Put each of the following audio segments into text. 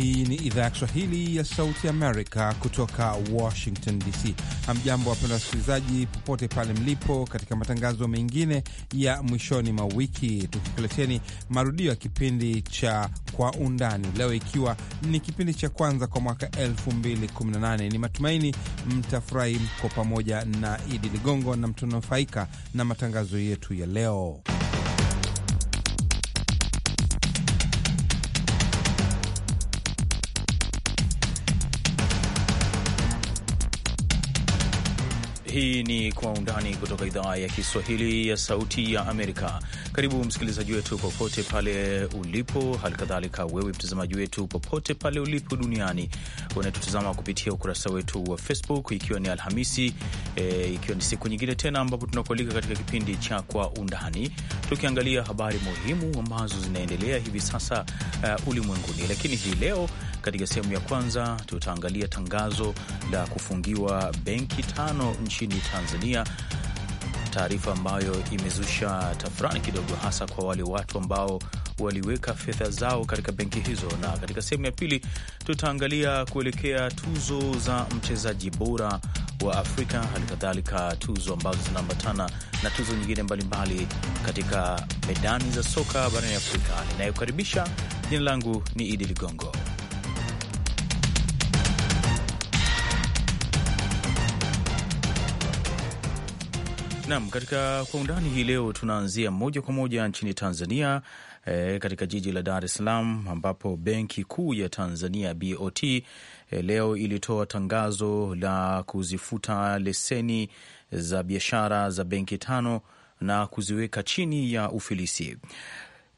Hii ni idhaa ya Kiswahili ya Sauti Amerika kutoka Washington DC. Hamjambo wapenda wasikilizaji, popote pale mlipo, katika matangazo mengine ya mwishoni mwa wiki, tukikuleteni marudio ya kipindi cha Kwa Undani leo, ikiwa ni kipindi cha kwanza kwa mwaka 2018. Ni matumaini mtafurahi, mko pamoja na Idi Ligongo na mtanufaika na matangazo yetu ya leo. Hii ni Kwa Undani kutoka idhaa ya Kiswahili ya Sauti ya Amerika. Karibu msikilizaji wetu popote pale ulipo, halikadhalika wewe mtazamaji wetu popote pale ulipo duniani, unatutazama kupitia ukurasa wetu wa Facebook, ikiwa ni Alhamisi e, ikiwa ni siku nyingine tena ambapo tunakualika katika kipindi cha Kwa Undani, tukiangalia habari muhimu ambazo zinaendelea hivi sasa uh, ulimwenguni. Lakini hii leo katika sehemu ya kwanza tutaangalia tangazo la kufungiwa benki tano nchini Tanzania, taarifa ambayo imezusha tafurani kidogo, hasa kwa wale watu ambao waliweka fedha zao katika benki hizo. Na katika sehemu ya pili tutaangalia kuelekea tuzo za mchezaji bora wa Afrika, hali kadhalika tuzo ambazo zinaambatana na tuzo nyingine mbalimbali mbali katika medani za soka barani Afrika. Ninayokaribisha, jina langu ni Idi Ligongo. Naam, katika kwa undani hii leo tunaanzia moja kwa moja nchini Tanzania e, katika jiji la Dar es Salaam ambapo Benki Kuu ya Tanzania BOT e, eh, leo ilitoa tangazo la kuzifuta leseni za biashara za benki tano na kuziweka chini ya ufilisi.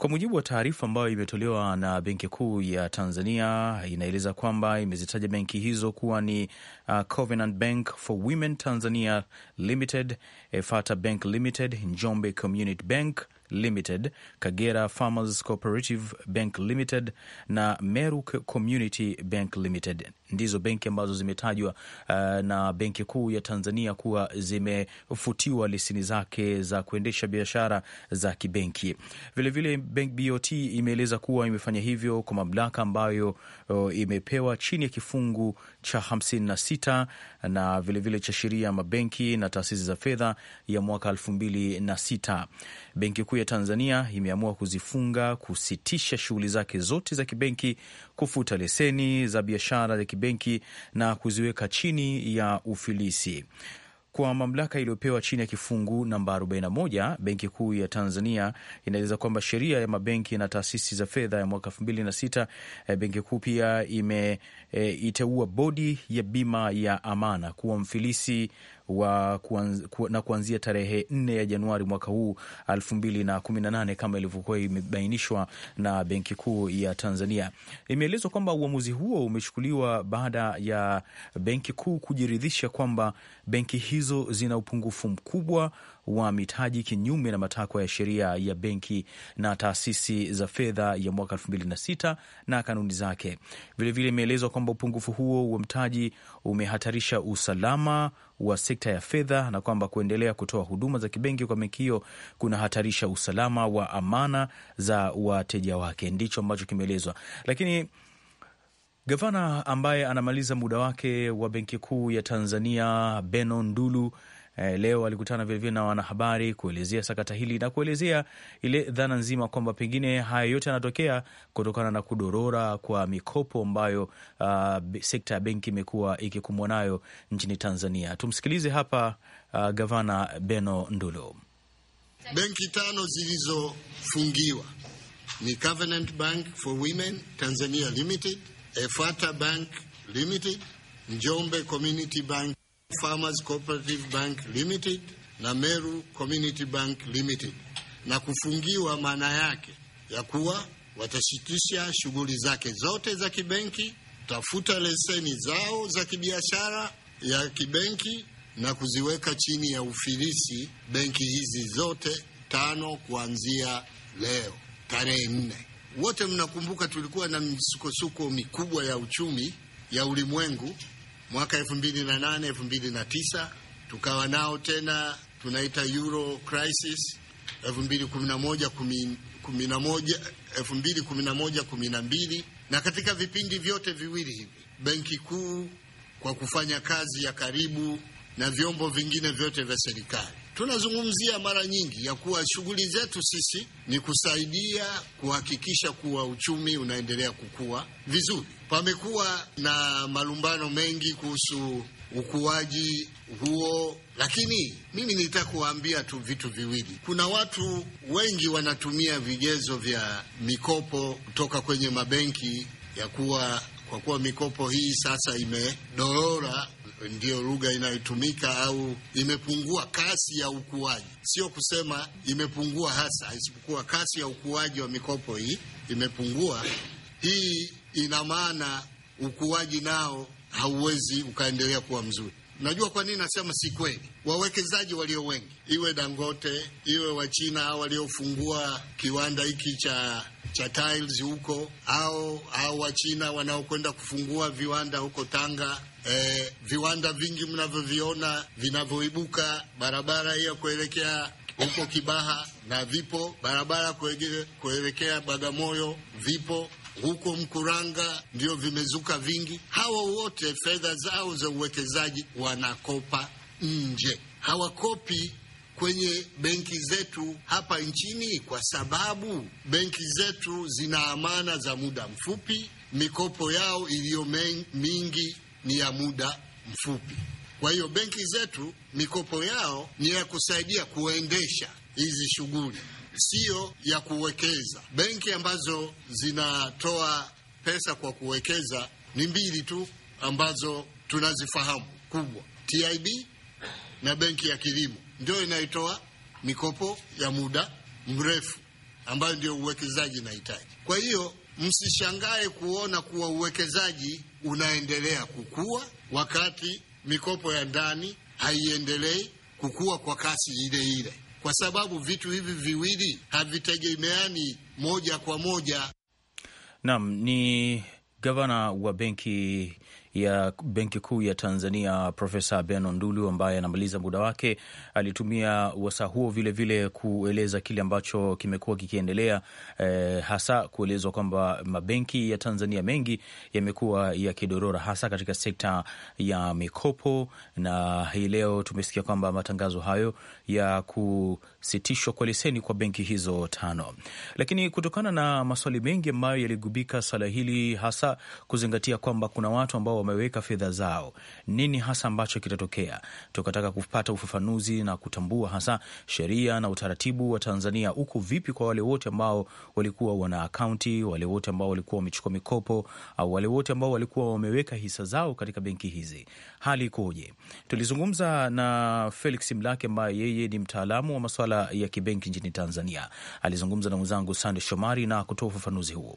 Kwa mujibu wa taarifa ambayo imetolewa na Benki Kuu ya Tanzania, inaeleza kwamba imezitaja benki hizo kuwa ni uh, Covenant Bank for Women Tanzania Limited, Efata Bank Limited, Njombe Community Bank Limited, Kagera Farmers Cooperative Bank Limited na Meru Community Bank Limited ndizo benki ambazo zimetajwa uh, na Benki Kuu ya Tanzania kuwa zimefutiwa leseni zake za kuendesha biashara za kibenki. Vilevile Bank BOT imeeleza kuwa imefanya hivyo kwa mamlaka ambayo uh, imepewa chini ya kifungu cha 56 na vilevile vile cha sheria ya mabenki na taasisi za fedha ya mwaka 2006. Benki Kuu ya Tanzania imeamua kuzifunga, kusitisha shughuli zake zote za kibenki, kufuta leseni za biashara za kibenki na kuziweka chini ya ufilisi. Kwa mamlaka iliyopewa chini ya kifungu namba 41 Benki Kuu ya Tanzania inaeleza kwamba sheria ya mabenki na taasisi za fedha ya mwaka 2006 e, eh, Benki Kuu pia imeiteua eh, e, bodi ya bima ya amana kuwa mfilisi wa kuanz, ku, na kuanzia tarehe 4 ya Januari mwaka huu nane kama ilivyokuwa imebainishwa na Benki Kuu ya Tanzania. Imeelezwa kwamba uamuzi huo umechukuliwa baada ya Benki Kuu kujiridhisha kwamba benki hizo zina upungufu mkubwa wa mitaji kinyume na matakwa ya sheria ya benki na taasisi za fedha ya mwaka 2006 na kanuni zake. Vilevile imeelezwa kwamba upungufu huo wa mtaji umehatarisha usalama wa sekta ya fedha na kwamba kuendelea kutoa huduma za kibenki kwa benki hiyo kunahatarisha usalama wa amana za wateja wake, ndicho ambacho kimeelezwa. Lakini gavana ambaye anamaliza muda wake wa Benki Kuu ya Tanzania Beno Ndulu eh, leo alikutana vilevile na wanahabari kuelezea sakata hili na kuelezea ile dhana nzima kwamba pengine haya yote yanatokea kutokana na kudorora kwa mikopo ambayo uh, sekta ya benki imekuwa ikikumbwa nayo nchini Tanzania. Tumsikilize hapa uh, Gavana Beno Ndulu. Benki tano zilizofungiwa ni Covenant Bank for Women Tanzania Limited, Efata Bank Limited, Njombe Community Bank Farmers Cooperative Bank Limited na Meru Community Bank Limited, na kufungiwa maana yake ya kuwa watasitisha shughuli zake zote za kibenki, tafuta leseni zao za kibiashara ya kibenki na kuziweka chini ya ufilisi benki hizi zote tano kuanzia leo tarehe nne. Wote mnakumbuka tulikuwa na misukosuko mikubwa ya uchumi ya ulimwengu Mwaka elfu mbili na nane elfu mbili na tisa tukawa nao tena, tunaita euro crisis elfu mbili kumi na moja kumi na moja elfu mbili kumi na moja kumi na mbili na katika vipindi vyote viwili hivi benki kuu kwa kufanya kazi ya karibu na vyombo vingine vyote vya serikali Tunazungumzia mara nyingi ya kuwa shughuli zetu sisi ni kusaidia kuhakikisha kuwa uchumi unaendelea kukua vizuri. Pamekuwa na malumbano mengi kuhusu ukuaji huo, lakini mimi nitaka kuwaambia tu vitu viwili. Kuna watu wengi wanatumia vigezo vya mikopo kutoka kwenye mabenki ya kuwa kwa kuwa mikopo hii sasa imedorora ndiyo lugha inayotumika au imepungua kasi ya ukuaji. Sio kusema imepungua hasa, isipokuwa kasi ya ukuaji wa mikopo hii imepungua. Hii ina maana ukuaji nao hauwezi ukaendelea kuwa mzuri. Najua kwa nini nasema si kweli. Wawekezaji walio wengi, iwe Dangote, iwe Wachina waliofungua kiwanda hiki cha cha tiles huko, au au Wachina wanaokwenda kufungua viwanda huko Tanga eh, viwanda vingi mnavyoviona vinavyoibuka barabara hiyo kuelekea huko Kibaha na vipo barabara kuelekea Bagamoyo vipo huko Mkuranga ndio vimezuka vingi. Hawa wote fedha zao za uwekezaji wanakopa nje, hawakopi kwenye benki zetu hapa nchini, kwa sababu benki zetu zina amana za muda mfupi. Mikopo yao iliyo mingi ni ya muda mfupi. Kwa hiyo benki zetu mikopo yao ni ya kusaidia kuendesha hizi shughuli, siyo ya kuwekeza. Benki ambazo zinatoa pesa kwa kuwekeza ni mbili tu ambazo tunazifahamu kubwa, TIB na benki ya kilimo, ndio inaitoa mikopo ya muda mrefu ambayo ndio uwekezaji inahitaji. Kwa hiyo Msishangae kuona kuwa uwekezaji unaendelea kukua wakati mikopo ya ndani haiendelei kukua kwa kasi ile ile, kwa sababu vitu hivi viwili havitegemeani moja kwa moja. Naam, ni gavana wa benki ya Benki Kuu ya Tanzania Profesa beno Ndulu ambaye anamaliza muda wake, alitumia wasaa huo vilevile vile kueleza kile ambacho kimekuwa kikiendelea, eh, hasa kuelezwa kwamba mabenki ya Tanzania mengi yamekuwa yakidorora hasa katika sekta ya mikopo, na hii leo tumesikia kwamba matangazo hayo ya ku kusitishwa kwa leseni kwa benki hizo tano. Lakini kutokana na maswali mengi ambayo yaligubika swala hili, hasa kuzingatia kwamba kuna watu ambao wameweka fedha zao, nini hasa ambacho kitatokea, tukataka kupata ufafanuzi na kutambua hasa sheria na utaratibu wa Tanzania uko vipi kwa wale wote ambao walikuwa wana akaunti, wale wote ambao walikuwa wamechukua mikopo, au wale wote ambao walikuwa wameweka hisa zao katika benki hizi, hali ikoje? Tulizungumza na Felix Mlake ambaye yeye ni mtaalamu wa maswala masuala ya kibenki nchini Tanzania. Alizungumza na mwenzangu Sande Shomari na kutoa ufafanuzi huo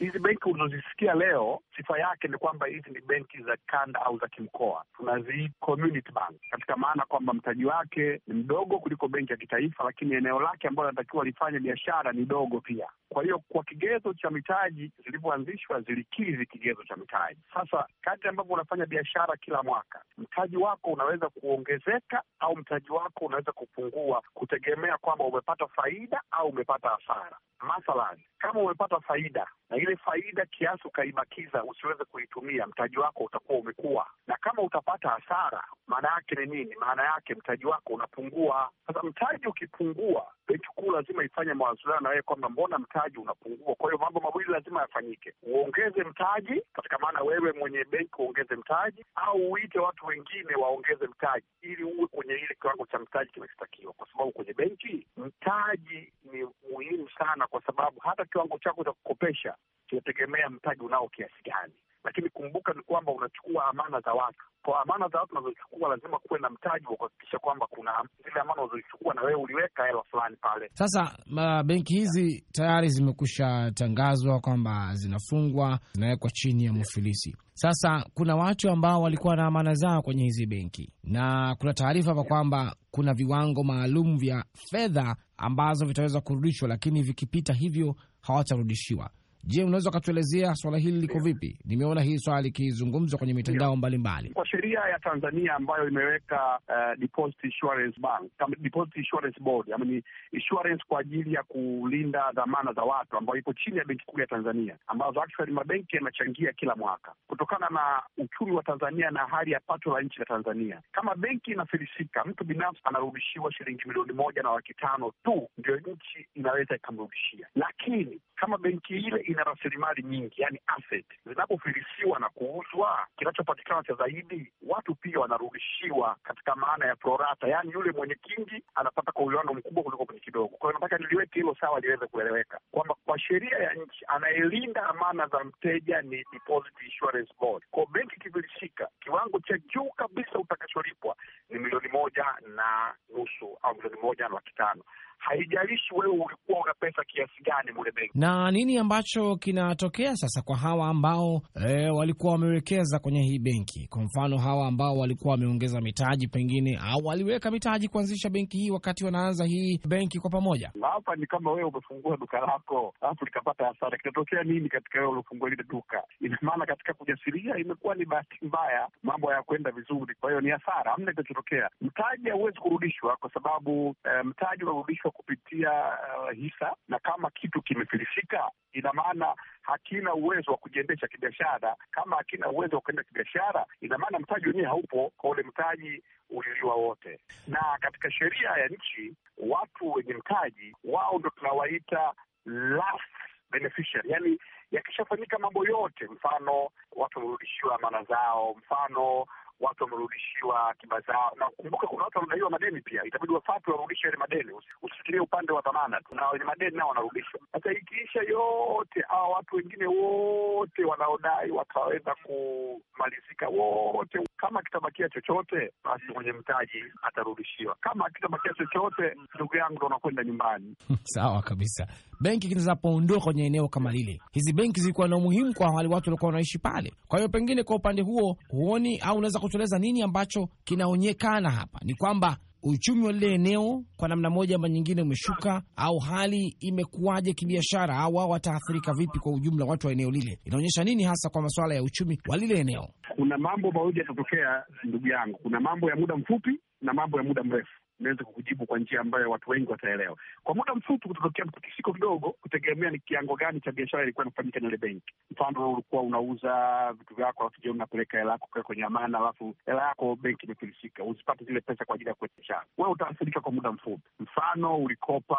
hizi benki unazosikia leo, sifa yake ni kwamba hizi ni benki za kanda au za kimkoa, tunazi community bank katika maana kwamba mtaji wake ni mdogo kuliko benki ya kitaifa, lakini eneo lake ambalo anatakiwa lifanya biashara ni dogo pia. Kwa hiyo kwa kigezo cha mitaji zilivyoanzishwa, zilikizi kigezo cha mitaji. Sasa kati ambavyo unafanya biashara kila mwaka, mtaji wako unaweza kuongezeka au mtaji wako unaweza kupungua kutegemea kwamba umepata faida au umepata hasara. Mathalan, kama umepata faida na ile ile faida kiasi ukaibakiza usiweze kuitumia, mtaji wako utakuwa umekuwa. Na kama utapata hasara, maana yake ni nini? Maana yake mtaji wako unapungua. Sasa mtaji ukipungua, benki kuu lazima ifanye mawasiliano na wewe kwamba mbona mtaji unapungua. Kwa hiyo mambo mawili lazima yafanyike, uongeze mtaji katika maana wewe mwenye benki uongeze mtaji, au uite watu wengine waongeze mtaji ili uwe kwenye ile kiwango cha mtaji kinachotakiwa, kwa sababu kwenye benki mtaji ni muhimu sana, kwa sababu hata kiwango chako cha kukopesha inategemea mtaji unao kiasi gani, lakini kumbuka ni kwamba unachukua amana za watu. Kwa amana za watu unazochukua, lazima kuwe na mtaji wa kuhakikisha kwamba kuna zile amana unazochukua na wewe uliweka hela fulani pale. Sasa benki hizi tayari zimekusha tangazwa kwamba zinafungwa, zinawekwa chini ya mufilisi. Sasa kuna watu ambao walikuwa na amana zao kwenye hizi benki, na kuna taarifa hapa kwamba kuna viwango maalum vya fedha ambazo vitaweza kurudishwa, lakini vikipita hivyo hawatarudishiwa. Je, unaweza ukatuelezea swala hili liko vipi? Nimeona hii swala likizungumzwa kwenye mitandao mbalimbali. Kwa sheria ya Tanzania ambayo imeweka uh, Deposit Insurance Bank, Deposit Insurance Board, yaani insurance kwa ajili ya kulinda dhamana za watu ambayo ipo chini ya Benki Kuu ya Tanzania, ambazo actually mabenki yanachangia kila mwaka kutokana na uchumi wa Tanzania na hali ya pato la nchi ya Tanzania. Kama benki inafilisika, mtu binafsi anarudishiwa shilingi milioni moja na laki tano tu ndio nchi inaweza ikamrudishia, lakini kama benki ile ina rasilimali nyingi, yani asset zinapofirisiwa na kuuzwa, kinachopatikana cha zaidi watu pia wanarudishiwa katika maana ya prorata, yani yule mwenye kingi anapata kwa uwiano mkubwa kuliko kwenye kidogo. Kwa hiyo nataka niliweke hilo sawa, liweze kueleweka kwamba kwa sheria ya nchi anayelinda amana za mteja ni Deposit Insurance Board. Kwa benki ikifilisika, kiwango cha juu kabisa utakacholipwa ni milioni moja na nusu au milioni moja na laki tano haijalishi wewe ulikuwa una pesa kiasi gani mule benki. Na nini ambacho kinatokea sasa kwa hawa ambao e, walikuwa wamewekeza kwenye hii benki? Kwa mfano hawa ambao walikuwa wameongeza mitaji pengine, au waliweka mitaji kuanzisha benki hii wakati wanaanza hii benki kwa pamoja. Hapa ni kama wewe umefungua duka lako alafu likapata hasara, kinatokea nini katika wewe uliofungua lile duka? Ina maana katika kujasiria imekuwa ni bahati mbaya, mambo hayakwenda vizuri, kwa hiyo ni hasara. Hamna kinachotokea, mtaji hauwezi kurudishwa kwa sababu e, mtaji unarudishwa kupitia uh, hisa, na kama kitu kimefilisika, ina maana hakina uwezo wa kujiendesha kibiashara. Kama hakina uwezo wa kuenda kibiashara, ina maana mtaji wenyewe haupo kwa ule mtaji uliliwa wote. Na katika sheria ya nchi, watu wenye mtaji wao ndo tunawaita last beneficiary, yani yakishafanyika mambo yote, mfano watu wamerudishiwa mana zao, mfano watu wamerudishiwa akiba zao, na kumbuka, kuna watu wanadaiwa madeni pia, itabidi wafatu warudishe yale madeni, usifikirie upande wa dhamana tu, na wenye madeni nao wanarudishwa. Sasa ikiisha yote, hawa watu wengine wote wanaodai wataweza kumalizika wote. Kama akitabakia chochote, basi mwenye mtaji atarudishiwa. Kama akitabakia chochote, ndugu yangu, ndo unakwenda nyumbani. Sawa kabisa. Benki zinapoondoka kwenye eneo kama lile, hizi benki zilikuwa na umuhimu kwa wale watu waliokuwa wanaishi pale. Kwa hiyo pengine kwa upande huo huoni au unaweza kutueleza nini ambacho kinaonekana hapa? Ni kwamba uchumi wa lile eneo kwa namna moja ama nyingine umeshuka, au hali imekuwaje kibiashara, au wao wataathirika vipi kwa ujumla? Watu wa eneo lile, inaonyesha nini hasa kwa masuala ya uchumi wa lile eneo? Kuna mambo mawili yatatokea, ndugu yangu, kuna mambo ya muda mfupi na mambo ya muda mrefu niweze kukujibu kwa njia ambayo watu wengi wataelewa. Kwa muda mfupi kutatokea mtikisiko kidogo, kutegemea ni kiango gani cha biashara ilikuwa inafanyika na ile benki. Mfano, ulikuwa unauza vitu vyako, alafu je, unapeleka hela yako kwenye amana, alafu hela yako benki imefilisika, uzipate zile pesa kwa ajili ya kuwezeshana, we utaathirika kwa muda mfupi. Mfano, ulikopa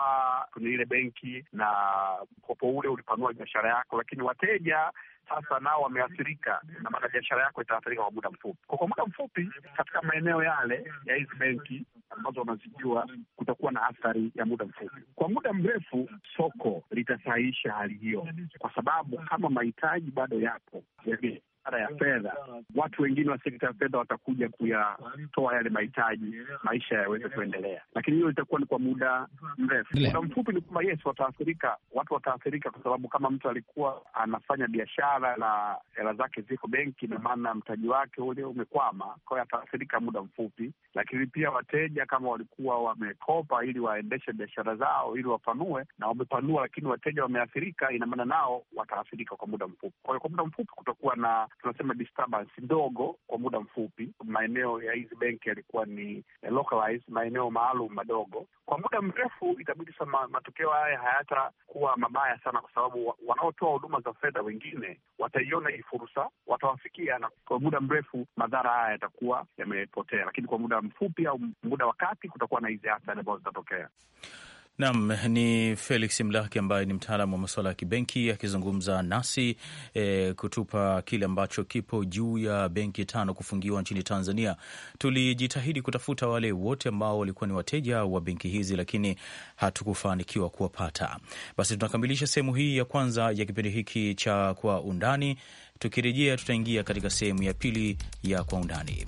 kwenye ile benki na mkopo ule ulipanua biashara yako, lakini wateja sasa nao wameathirika na maana biashara yako itaathirika kwa muda mfupi. Kwa muda mfupi katika maeneo yale ya hizi benki ambazo wanazijua, kutakuwa na athari ya muda mfupi. Kwa muda mrefu, soko litasahihisha hali hiyo, kwa sababu kama mahitaji bado yapo, jamii wizara ya mm. fedha, watu wengine wa sekta ya fedha watakuja kuyatoa yale mahitaji, maisha yaweze kuendelea, lakini hiyo itakuwa ni kwa muda mrefu. Muda mfupi ni kwamba yes, wataathirika, watu wataathirika, kwa sababu kama mtu alikuwa anafanya biashara na hela zake ziko benki, na maana mtaji wake ule umekwama, kwa hiyo ataathirika muda mfupi. Lakini pia wateja kama walikuwa wamekopa ili waendeshe biashara zao ili wapanue na wamepanua, lakini wateja wameathirika, ina maana nao wataathirika kwa muda mfupi. Kwa hiyo kwa muda mfupi kutakuwa na tunasema disturbance ndogo kwa muda mfupi. Maeneo ya hizi benki yalikuwa ni localized, maeneo maalum madogo. Kwa muda mrefu itabidi sama, matokeo haya hayatakuwa mabaya sana, kwa sababu wanaotoa huduma za fedha wengine wataiona hii fursa, watawafikia, na kwa muda mrefu madhara haya yatakuwa yamepotea, lakini kwa muda mfupi au muda wa kati kutakuwa na hizi athari ambazo zitatokea. Nam ni Felix Mlaki ambaye ni mtaalamu wa masuala ya kibenki akizungumza nasi e, kutupa kile ambacho kipo juu ya benki tano kufungiwa nchini Tanzania. Tulijitahidi kutafuta wale wote ambao walikuwa ni wateja wa benki hizi, lakini hatukufanikiwa kuwapata. Basi tunakamilisha sehemu hii ya kwanza ya kipindi hiki cha Kwa Undani. Tukirejea tutaingia katika sehemu ya pili ya Kwa Undani.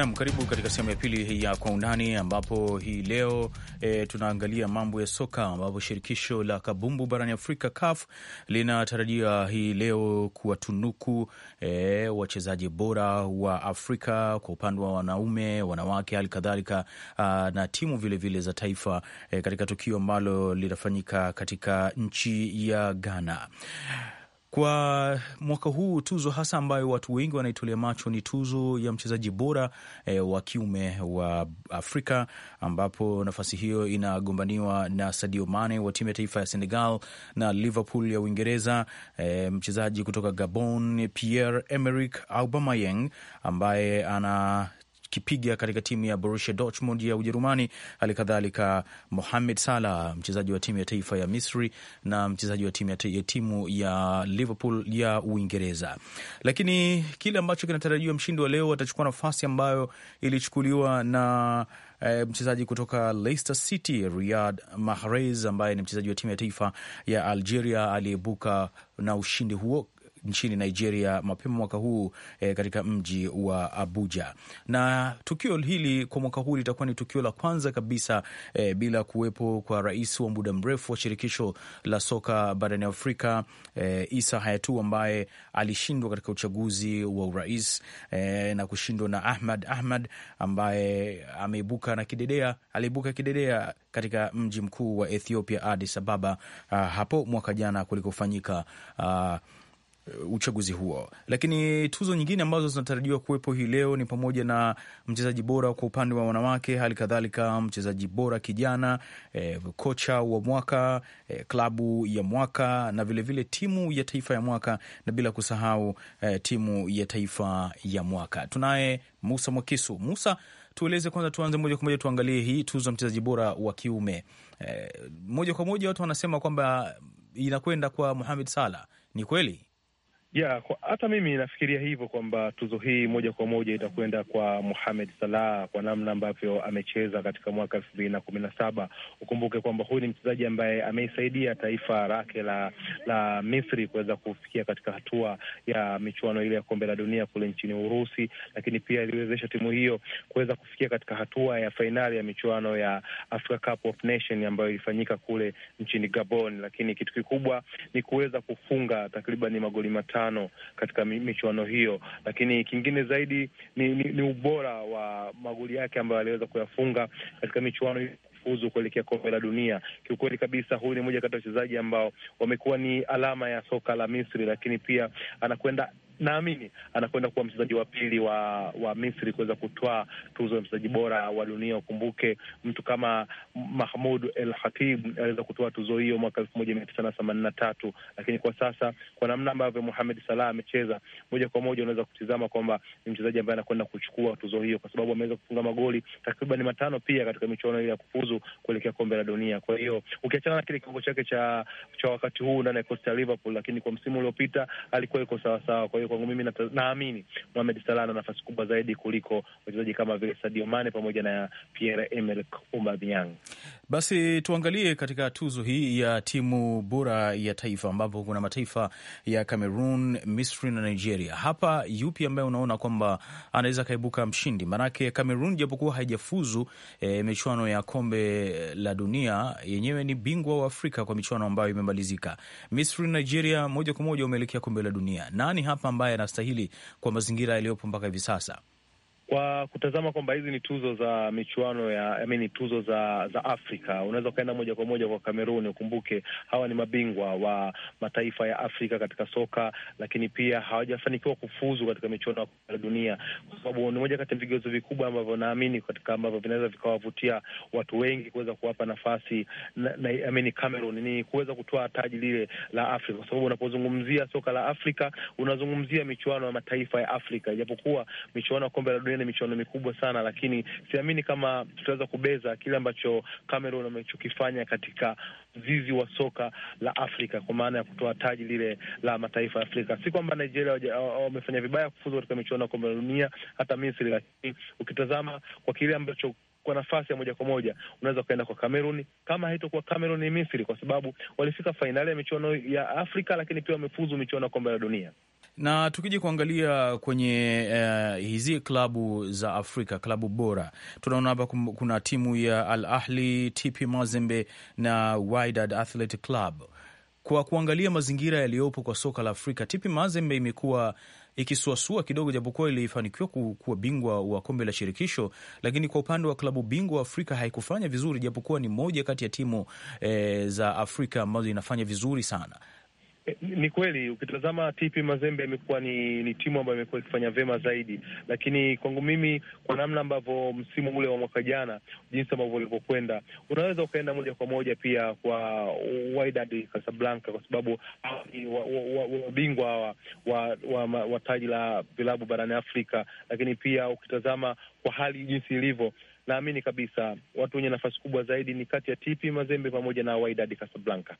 Nam, karibu katika sehemu ya pili ya Kwa Undani, ambapo hii leo e, tunaangalia mambo ya soka, ambapo shirikisho la kabumbu barani Afrika, CAF, linatarajia hii leo kuwatunuku e, wachezaji bora wa Afrika kwa upande wa wanaume, wanawake, hali kadhalika ah, na timu vilevile vile za taifa e, katika tukio ambalo linafanyika katika nchi ya Ghana. Kwa mwaka huu tuzo hasa ambayo watu wengi wanaitolea macho ni tuzo ya mchezaji bora e, wa kiume wa Afrika, ambapo nafasi hiyo inagombaniwa na Sadio Mane wa timu ya taifa ya Senegal na Liverpool ya Uingereza, e, mchezaji kutoka Gabon Pierre Emerick Aubameyang ambaye ana akipiga katika timu ya Borussia Dortmund ya Ujerumani. Hali kadhalika Mohamed Salah, mchezaji wa timu ya taifa ya Misri na mchezaji wa timu ya, ya timu ya Liverpool ya Uingereza. Lakini kile ambacho kinatarajiwa, mshindi wa leo atachukua nafasi ambayo ilichukuliwa na eh, mchezaji kutoka Leicester City Riyad Mahrez ambaye ni mchezaji wa timu ya taifa ya Algeria aliyebuka na ushindi huo nchini Nigeria mapema mwaka huu e, katika mji wa Abuja. Na tukio hili kwa mwaka huu litakuwa ni tukio la kwanza kabisa e, bila kuwepo kwa rais wa muda mrefu wa shirikisho la soka barani Afrika e, eh, Isa Hayatu ambaye alishindwa katika uchaguzi wa urais e, na kushindwa na Ahmad Ahmad ambaye ameibuka na kidedea, aliibuka kidedea katika mji mkuu wa Ethiopia Addis Ababa ah, hapo mwaka jana kulikofanyika ah, Uh, uchaguzi huo. Lakini tuzo nyingine ambazo zinatarajiwa kuwepo hii leo ni pamoja na mchezaji bora kwa upande wa wanawake, hali kadhalika mchezaji bora kijana, eh, kocha wa mwaka, eh, klabu ya mwaka na vilevile vile timu ya taifa ya mwaka na bila kusahau eh, timu ya taifa ya mwaka. Tunaye Musa Mwakisu. Musa, tueleze kwanza, tuanze moja kwa moja, tuangalie hii tuzo mchezaji bora wa kiume. Eh, moja kwa moja watu wanasema kwamba inakwenda kwa Mohamed Salah, ni kweli? Yeah, hata mimi nafikiria hivyo kwamba tuzo hii moja kwa moja itakwenda kwa Mohamed Salah kwa namna ambavyo amecheza katika mwaka elfu mbili na kumi na saba. Ukumbuke kwamba huyu ni mchezaji ambaye ameisaidia taifa lake la la Misri kuweza kufikia katika hatua ya michuano ile ya kombe la dunia kule nchini Urusi, lakini pia iliwezesha timu hiyo kuweza kufikia katika hatua ya fainali ya michuano ya Africa Cup of Nation ambayo ilifanyika kule nchini Gabon, lakini kitu kikubwa ni kuweza kufunga takriban magoli matatu tano katika michuano hiyo, lakini kingine zaidi ni, ni, ni ubora wa magoli yake ambayo aliweza kuyafunga katika michuano hiyo fuzu kuelekea kombe la dunia. Kiukweli kabisa, huyu ni mmoja kati ya wachezaji ambao wamekuwa ni alama ya soka la Misri, lakini pia anakwenda naamini anakwenda kuwa mchezaji wa pili wa wa Misri kuweza kutwaa tuzo ya mchezaji bora wa dunia. Ukumbuke mtu kama Mahmud El Khatib aliweza kutoa tuzo hiyo mwaka elfu moja mia tisa na themanini na tatu, lakini kwa sasa kwa namna ambavyo muhamed Salah amecheza moja kwa moja unaweza kutizama kwamba ni mchezaji ambaye anakwenda kuchukua tuzo hiyo, kwa sababu ameweza kufunga magoli takriban matano pia katika michuano hiyo ya kufuzu kuelekea kombe la dunia. Kwa hiyo ukiachana na kile kiwango chake cha cha wakati huu ndani ya Costa Liverpool, lakini kwa msimu uliopita alikuwa iko sawasawa. Kwa hiyo kwangu mimi naamini Mohamed Salah ana nafasi kubwa zaidi kuliko wachezaji kama vile Sadio Mane pamoja na Pierre Emerick Aubameyang. Basi tuangalie katika tuzo hii ya timu bora ya taifa, ambapo kuna mataifa ya Cameroon, Misri na Nigeria. Hapa yupi ambaye unaona kwamba anaweza akaibuka mshindi? Maanake Cameroon japokuwa haijafuzu e, michuano ya kombe la dunia, yenyewe ni bingwa wa Afrika kwa michuano ambayo imemalizika. Misri na Nigeria moja kwa moja umeelekea kombe la dunia. Nani hapa ambaye anastahili kwa mazingira yaliyopo mpaka hivi sasa? kwa kutazama kwamba hizi ni tuzo za michuano ya I mean, tuzo za za Afrika. Unaweza ukaenda moja kwa moja kwa Kameruni. ukumbuke hawa ni mabingwa wa mataifa ya Afrika katika soka, lakini pia hawajafanikiwa kufuzu katika michuano ya dunia, kwa sababu ni moja kati ya vigezo vikubwa ambavyo naamini katika ambavyo vinaweza vikawavutia watu wengi kuweza kuwapa nafasi na, na, I mean, Cameroon ni kuweza kutoa taji lile la Afrika, kwa sababu unapozungumzia soka la Afrika unazungumzia michuano ya mataifa ya Afrika, ijapokuwa michuano ya kombe la dunia tuende michuano mikubwa sana, lakini siamini kama tutaweza kubeza kile ambacho Cameroon amechokifanya katika mzizi wa soka la Afrika kwa maana ya kutoa taji lile la mataifa ya Afrika. Si kwamba Nigeria wamefanya vibaya kufuzu katika michuano ya kombe la dunia, hata Misri, lakini ukitazama kwa kile ambacho kwa nafasi ya moja kwa moja unaweza ukaenda kwa Cameroon kama haitokuwa Cameroon ni Misri, kwa sababu walifika fainali ya michuano ya Afrika, lakini pia wamefuzu michuano ya kombe la dunia. Na tukija kuangalia kwenye uh, hizi klabu za Afrika, klabu bora, tunaona hapa kuna timu ya Al Ahli, TP Mazembe na Wydad Athletic Club. Kwa kuangalia mazingira yaliyopo kwa soka la Afrika, TP Mazembe imekuwa ikisuasua kidogo, japokuwa ilifanikiwa kuwa bingwa wa kombe la shirikisho, lakini kwa upande wa klabu bingwa Afrika haikufanya vizuri, japokuwa ni moja kati ya timu e, za Afrika ambazo inafanya vizuri sana. Eh, ni kweli ukitazama TP Mazembe imekuwa ni, ni timu ambayo imekuwa ikifanya vyema zaidi, lakini kwangu mimi, kwa namna ambavyo msimu ule wa mwaka jana, jinsi ambavyo ulivyokwenda, unaweza ukaenda moja kwa moja pia kwa Wydad Casablanca kwa sababu wabingwa hawa wa, wa, wa, wa taji la vilabu barani Afrika, lakini pia ukitazama kwa hali jinsi ilivyo naamini kabisa watu wenye nafasi kubwa zaidi ni kati ya TP Mazembe pamoja na Wydad Casablanca.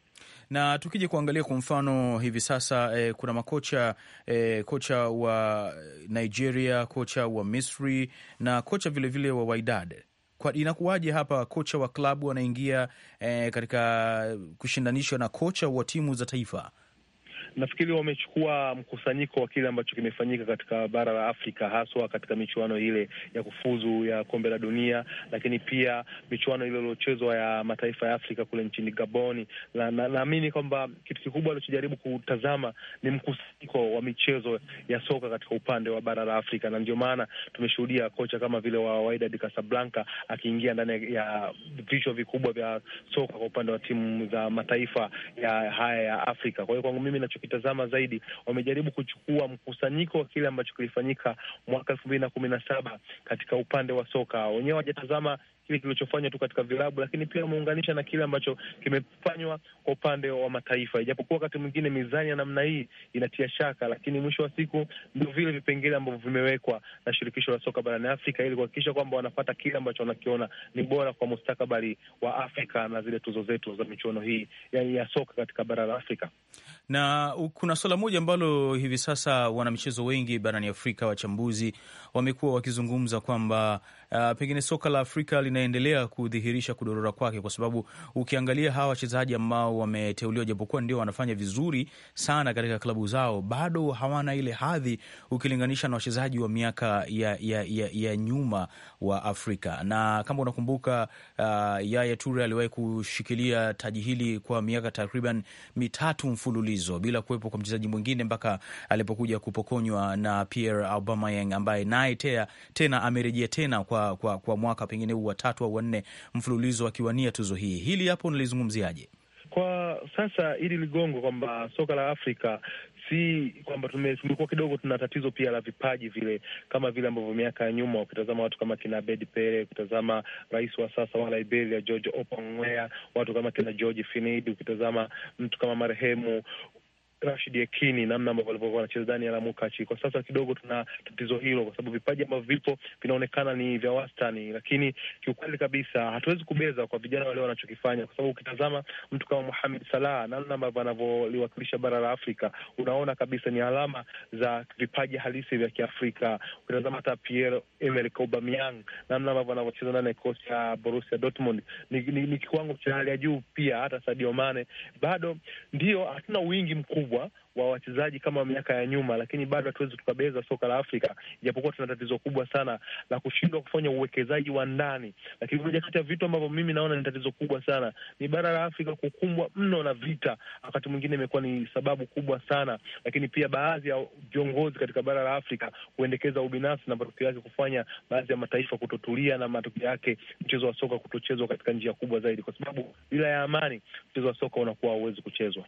Na tukija kuangalia kwa mfano hivi sasa eh, kuna makocha eh, kocha wa Nigeria, kocha wa Misri na kocha vilevile vile wa Wydad kwa inakuwaje hapa kocha wa klabu anaingia eh, katika kushindanishwa na kocha wa timu za taifa? nafikiri wamechukua mkusanyiko wa kile ambacho kimefanyika katika bara la Afrika, haswa katika michuano ile ya kufuzu ya kombe la dunia, lakini pia michuano ile iliochezwa ya mataifa ya Afrika kule nchini Gaboni. Naamini na, na kwamba kitu kikubwa alichojaribu kutazama ni mkusanyiko wa michezo ya soka katika upande wa bara la Afrika, na ndio maana tumeshuhudia kocha kama vile wa Wydad Casablanca akiingia ndani ya vichwa vikubwa vya soka kwa upande wa timu za mataifa ya haya ya Afrika. Kwa hiyo kwangu mimi nacho tukitazama zaidi, wamejaribu kuchukua mkusanyiko wa kile ambacho kilifanyika mwaka elfu mbili na kumi na saba katika upande wa soka. Wenyewe wajatazama kile kilichofanywa tu katika vilabu, lakini pia ameunganisha na kile ambacho kimefanywa kwa upande wa mataifa. Ijapokuwa wakati mwingine mizani ya namna hii inatia shaka, lakini mwisho wa siku ndio vile vipengele ambavyo vimewekwa na shirikisho la soka barani Afrika ili kuhakikisha kwamba wanapata kile ambacho wanakiona ni bora kwa mustakabali wa Afrika na zile tuzo zetu za michuano hii yani ya soka katika bara la Afrika. Na kuna swala moja ambalo hivi sasa wanamichezo wengi barani Afrika, wachambuzi wamekuwa wakizungumza kwamba uh, pengine soka la Afrika lina unaendelea kudhihirisha kudorora kwake, kwa sababu ukiangalia hawa wachezaji ambao wameteuliwa, japokuwa ndio wanafanya vizuri sana katika klabu zao, bado hawana ile hadhi ukilinganisha na wachezaji wa miaka ya, ya, ya, ya nyuma wa Afrika. Na kama unakumbuka, uh, Yaya Toure aliwahi kushikilia taji hili kwa miaka takriban mitatu mfululizo bila kuwepo kwa mchezaji mwingine mpaka alipokuja kupokonywa na Pierre Aubameyang ambaye naye tena amerejea tena kwa, kwa, kwa mwaka pengine huu wa watatu au wanne mfululizo akiwania tuzo hii. Hili hapo unalizungumziaje? Kwa sasa ili ligongo kwamba soka la Afrika si kwamba tumekuwa kidogo, tuna tatizo pia la vipaji vile, kama vile ambavyo miaka ya nyuma ukitazama watu kama kina Abedi Pele, ukitazama rais wa sasa wa Liberia George Oppong Weah, watu kama kina George Finidi, ukitazama mtu kama marehemu Rashid Yakini, namna ambavyo walivyokuwa wanacheza Daniel Amukachi. Kwa sasa kidogo tuna tatizo hilo, kwa sababu vipaji ambavyo vipo vinaonekana ni vya wastani, lakini kiukweli kabisa hatuwezi kubeza kwa vijana wale wanachokifanya, kwa sababu ukitazama mtu kama Mohamed Salah, namna ambavyo anavyoliwakilisha bara la Afrika, unaona kabisa ni alama za vipaji halisi vya Kiafrika. Ukitazama hata Pierre Emerick Aubameyang, namna ambavyo anavyocheza ndani ya kikosi cha Borussia Dortmund ni, ni, ni kiwango cha hali ya juu. Pia hata Sadio Mane bado ndio hatuna wingi mkubwa ukubwa wa wachezaji kama miaka ya nyuma, lakini bado hatuwezi tukabeza soka la Afrika, ijapokuwa tuna tatizo kubwa sana la kushindwa kufanya uwekezaji wa ndani. Lakini moja kati ya vitu ambavyo mimi naona ni tatizo kubwa sana ni bara la Afrika kukumbwa mno na vita, wakati mwingine imekuwa ni sababu kubwa sana, lakini pia baadhi ya viongozi katika bara la Afrika kuendekeza ubinafsi na matokeo yake kufanya baadhi ya mataifa kutotulia na matokeo yake mchezo wa soka kutochezwa katika njia kubwa zaidi, kwa sababu bila ya amani mchezo wa soka unakuwa hauwezi kuchezwa.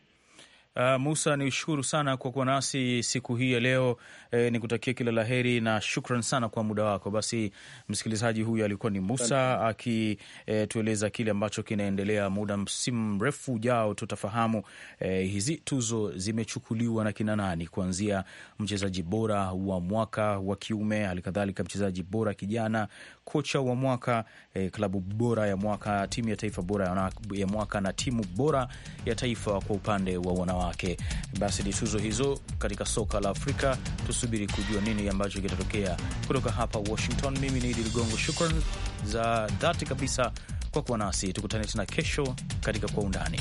Uh, Musa ni ushukuru sana kwa kuwa nasi siku hii ya leo eh, ni kutakia kila la heri na shukran sana kwa muda wako. Basi msikilizaji, huyu alikuwa ni Musa akitueleza eh, kile ambacho kinaendelea. Muda si mrefu ujao tutafahamu eh, hizi tuzo zimechukuliwa na kina nani, kuanzia mchezaji bora wa mwaka wa kiume, halikadhalika mchezaji bora kijana, kocha wa mwaka eh, klabu bora ya mwaka, timu ya taifa bora ya mwaka na timu bora ya taifa kwa upande wa wanawake wanawake. Basi ni tuzo hizo katika soka la Afrika, tusubiri kujua nini ambacho kitatokea kutoka hapa Washington. Mimi ni Idi Ligongo, shukran za dhati kabisa kwa kuwa nasi. Tukutane tena kesho katika Kwa Undani.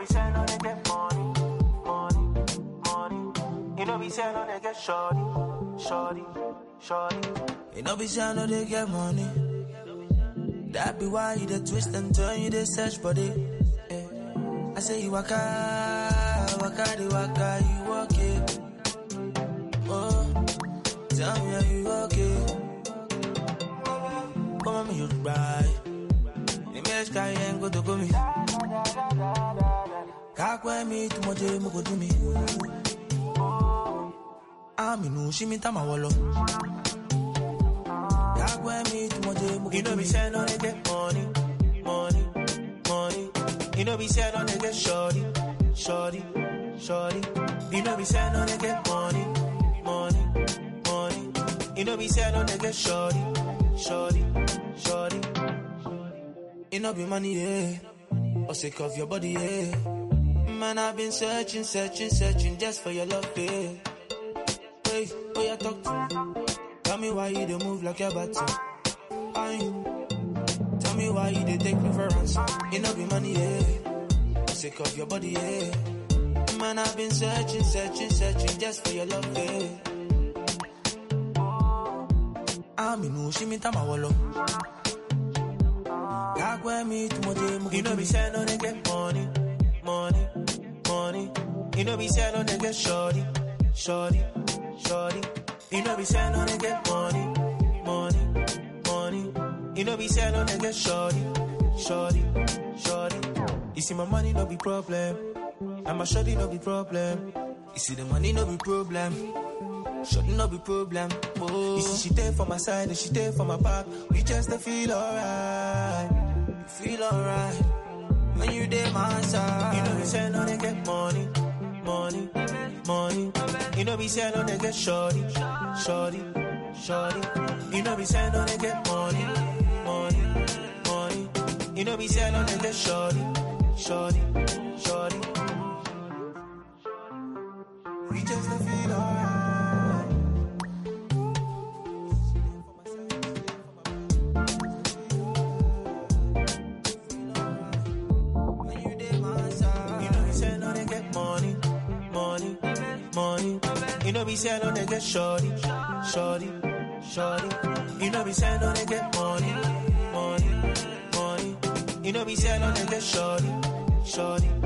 be saying no nigga get money, money, money. You know be saying no nigga get shorty, shorty, shorty. You know be saying no they get money. That be why you dey twist and turn, you dey search for it. Eh. I say you waka, waka, the waka, you walk it. Oh, tell me how you walk it. Come on, me you ride. The man's carrying go to go me you know me say no get money money money you know me say no get shorty shorty shorty you know me say no get money money money you know me say no get shorty shorty shorty you know be money yeah or sick of your body yeah man, I've been searching, searching, searching just for your love, babe. Hey, who you talk to? Tell me why you don't move like your body. button. Tell me why you don't take me for ransom. You know be money, yeah. Sick of your body, yeah. Man, I've been searching, searching, searching just for your love, babe. I'm in Ushimi Tamawolo. Gagwe me to my day, you know me, say no, they get money, money. You know we sell on the get shorty, shorty, shorty. You know we sell on the get money, money, money. You know we sell on the get shorty, shorty, shorty. You see my money no be problem, and my shorty no be problem. You see the money no be problem. Shorty not no be problem. Oh. You see, she take for my side and she take for my back. We just feel alright. Feel alright when you dey my side. You know we say no dey get money, money, money. You know we say no dey get shorty, shorty, shorty. You know we say no dey get money, money, money. You know we say no dey get shorty, shorty, shorty. shorty, shorty, shorty. You know me say don't get money, money, money. You know me say don't get shorty, shorty.